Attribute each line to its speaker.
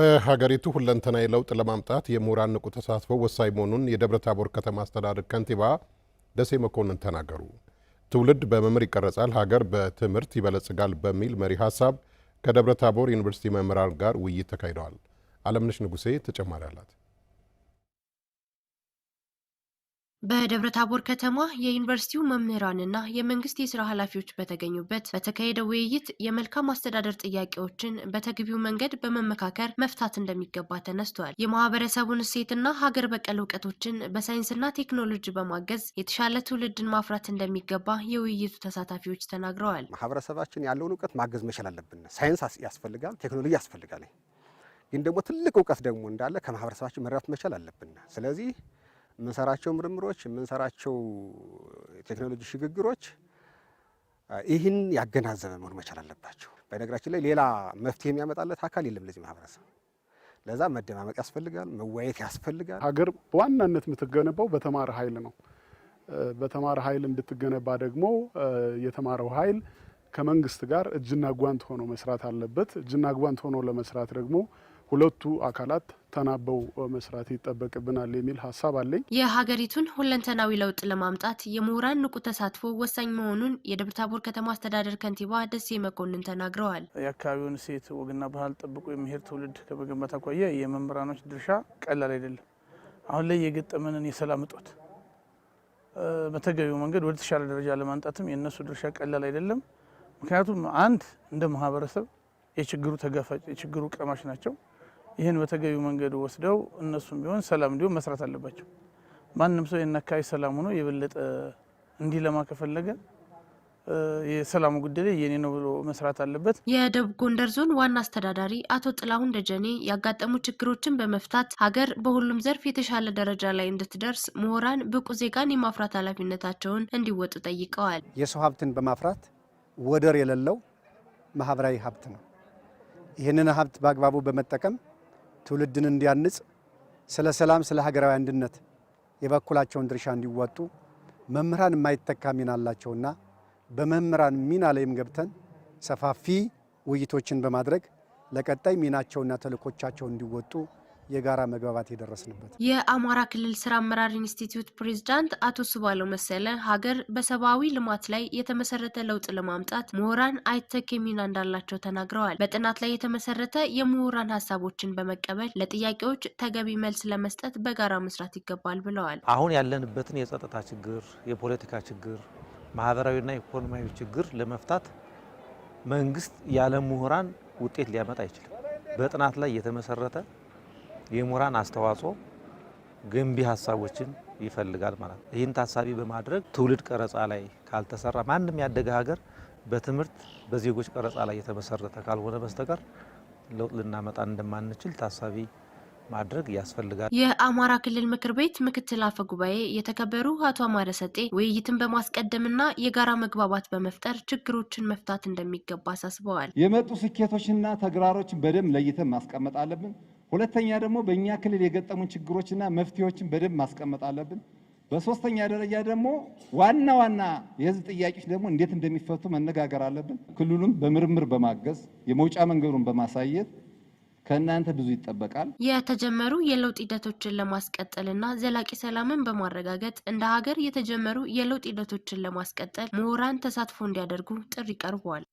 Speaker 1: በሀገሪቱ ሁለንተናዊ ለውጥ ለማምጣት የምሁራን ንቁ ተሳትፎ ወሳኝ መሆኑን የደብረ ታቦር ከተማ አስተዳደር ከንቲባ ደሴ መኮንን ተናገሩ። ትውልድ በመምህር ይቀረጻል፣ ሀገር በትምህርት ይበለጽጋል በሚል መሪ ሀሳብ ከደብረ ታቦር ዩኒቨርሲቲ መምህራን ጋር ውይይት ተካሂደዋል። አለምነሽ ንጉሴ ተጨማሪ አላት።
Speaker 2: በደብረ ታቦር ከተማ የዩኒቨርሲቲው መምህራንና የመንግስት የስራ ኃላፊዎች በተገኙበት በተካሄደው ውይይት የመልካም አስተዳደር ጥያቄዎችን በተገቢው መንገድ በመመካከር መፍታት እንደሚገባ ተነስቷል። የማህበረሰቡን እሴትና ሀገር በቀል እውቀቶችን በሳይንስና ቴክኖሎጂ በማገዝ የተሻለ ትውልድን ማፍራት እንደሚገባ የውይይቱ ተሳታፊዎች ተናግረዋል።
Speaker 3: ማህበረሰባችን ያለውን እውቀት ማገዝ መቻል አለብን። ሳይንስ ያስፈልጋል፣ ቴክኖሎጂ ያስፈልጋል። ግን ደግሞ ትልቅ እውቀት ደግሞ እንዳለ ከማህበረሰባችን መረዳት መቻል አለብን። ስለዚህ የምንሰራቸው ምርምሮች፣ የምንሰራቸው ቴክኖሎጂ ሽግግሮች ይህን ያገናዘበ መሆን መቻል አለባቸው። በነገራችን ላይ ሌላ መፍትሄ የሚያመጣለት አካል የለም ለዚህ ማህበረሰብ። ለዛ መደማመቅ ያስፈልጋል፣ መወያየት ያስፈልጋል።
Speaker 4: ሀገር በዋናነት የምትገነባው በተማረ ኃይል ነው። በተማረ ኃይል እንድትገነባ ደግሞ የተማረው ኃይል ከመንግስት ጋር እጅና ጓንት ሆኖ መስራት አለበት። እጅና ጓንት ሆኖ ለመስራት ደግሞ ሁለቱ አካላት ተናበው መስራት ይጠበቅብናል የሚል ሀሳብ አለኝ።
Speaker 2: የሀገሪቱን ሁለንተናዊ ለውጥ ለማምጣት የምሁራን ንቁ ተሳትፎ ወሳኝ መሆኑን የደብረ ታቦር ከተማ አስተዳደር ከንቲባ ደሴ መኮንን ተናግረዋል።
Speaker 5: የአካባቢውን ሴት ወግና ባህል ጠብቆ የሚሄድ ትውልድ ከመገንባት አኳያ የመምህራኖች ድርሻ ቀላል አይደለም። አሁን ላይ የገጠመንን የሰላም እጦት በተገቢው መንገድ ወደ ተሻለ ደረጃ ለማምጣትም የእነሱ ድርሻ ቀላል አይደለም። ምክንያቱም አንድ እንደ ማህበረሰብ የችግሩ ተጋፋጭ የችግሩ ቀማሽ ናቸው። ይህን በተገቢ መንገድ ወስደው እነሱም ቢሆን ሰላም እንዲሆን መስራት አለባቸው። ማንም ሰው ይህን አካባቢ ሰላም ሆኖ የበለጠ እንዲለማ ከፈለገ የሰላሙ ጉዳይ ላይ የኔ ነው ብሎ መስራት አለበት።
Speaker 2: የደቡብ ጎንደር ዞን ዋና አስተዳዳሪ አቶ ጥላሁን ደጀኔ ያጋጠሙ ችግሮችን በመፍታት ሀገር በሁሉም ዘርፍ የተሻለ ደረጃ ላይ እንድትደርስ ምሁራን ብቁ ዜጋን የማፍራት ኃላፊነታቸውን እንዲወጡ ጠይቀዋል።
Speaker 3: የሰው ሀብትን በማፍራት ወደር የሌለው ማህበራዊ ሀብት ነው። ይህንን ሀብት በአግባቡ በመጠቀም ትውልድን እንዲያንጽ፣ ስለ ሰላም፣ ስለ ሀገራዊ አንድነት የበኩላቸውን ድርሻ እንዲወጡ መምህራን የማይተካ ሚና አላቸውና በመምህራን ሚና ላይም ገብተን ሰፋፊ ውይይቶችን በማድረግ ለቀጣይ ሚናቸውና ተልእኮቻቸው እንዲወጡ የጋራ መግባባት የደረስንበት።
Speaker 2: የአማራ ክልል ስራ አመራር ኢንስቲትዩት ፕሬዝዳንት አቶ ስባለው መሰለ ሀገር በሰብአዊ ልማት ላይ የተመሰረተ ለውጥ ለማምጣት ምሁራን አይተክ ሚና እንዳላቸው ተናግረዋል። በጥናት ላይ የተመሰረተ የምሁራን ሀሳቦችን በመቀበል ለጥያቄዎች ተገቢ መልስ ለመስጠት በጋራ መስራት ይገባል ብለዋል።
Speaker 6: አሁን ያለንበትን የጸጥታ ችግር፣ የፖለቲካ ችግር፣ ማህበራዊና ኢኮኖሚያዊ ችግር ለመፍታት መንግስት ያለ ምሁራን ውጤት ሊያመጣ አይችልም። በጥናት ላይ የተመሰረተ የምሁራን አስተዋጽኦ ገንቢ ሀሳቦችን ይፈልጋል ማለት ነው። ይህን ታሳቢ በማድረግ ትውልድ ቀረጻ ላይ ካልተሰራ ማንም ያደገ ሀገር በትምህርት በዜጎች ቀረጻ ላይ የተመሰረተ ካልሆነ በስተቀር ለውጥ ልናመጣ እንደማንችል ታሳቢ ማድረግ ያስፈልጋል።
Speaker 2: የአማራ ክልል ምክር ቤት ምክትል አፈ ጉባኤ የተከበሩ አቶ አማረ ሰጤ ውይይትን በማስቀደምና የጋራ መግባባት በመፍጠር ችግሮችን መፍታት እንደሚገባ አሳስበዋል።
Speaker 7: የመጡ ስኬቶችና ተግራሮችን በደንብ ለይተን ማስቀመጥ አለብን። ሁለተኛ ደግሞ በእኛ ክልል የገጠሙ ችግሮችና መፍትሄዎችን በደንብ ማስቀመጥ አለብን። በሶስተኛ ደረጃ ደግሞ ዋና ዋና የህዝብ ጥያቄዎች ደግሞ እንዴት እንደሚፈቱ መነጋገር አለብን። ክልሉም በምርምር በማገዝ የመውጫ መንገዱን በማሳየት ከእናንተ ብዙ ይጠበቃል።
Speaker 2: የተጀመሩ የለውጥ ሂደቶችን ለማስቀጠልና ዘላቂ ሰላምን በማረጋገጥ እንደ ሀገር የተጀመሩ የለውጥ ሂደቶችን ለማስቀጠል ምሁራን ተሳትፎ እንዲያደርጉ ጥሪ ቀርበዋል።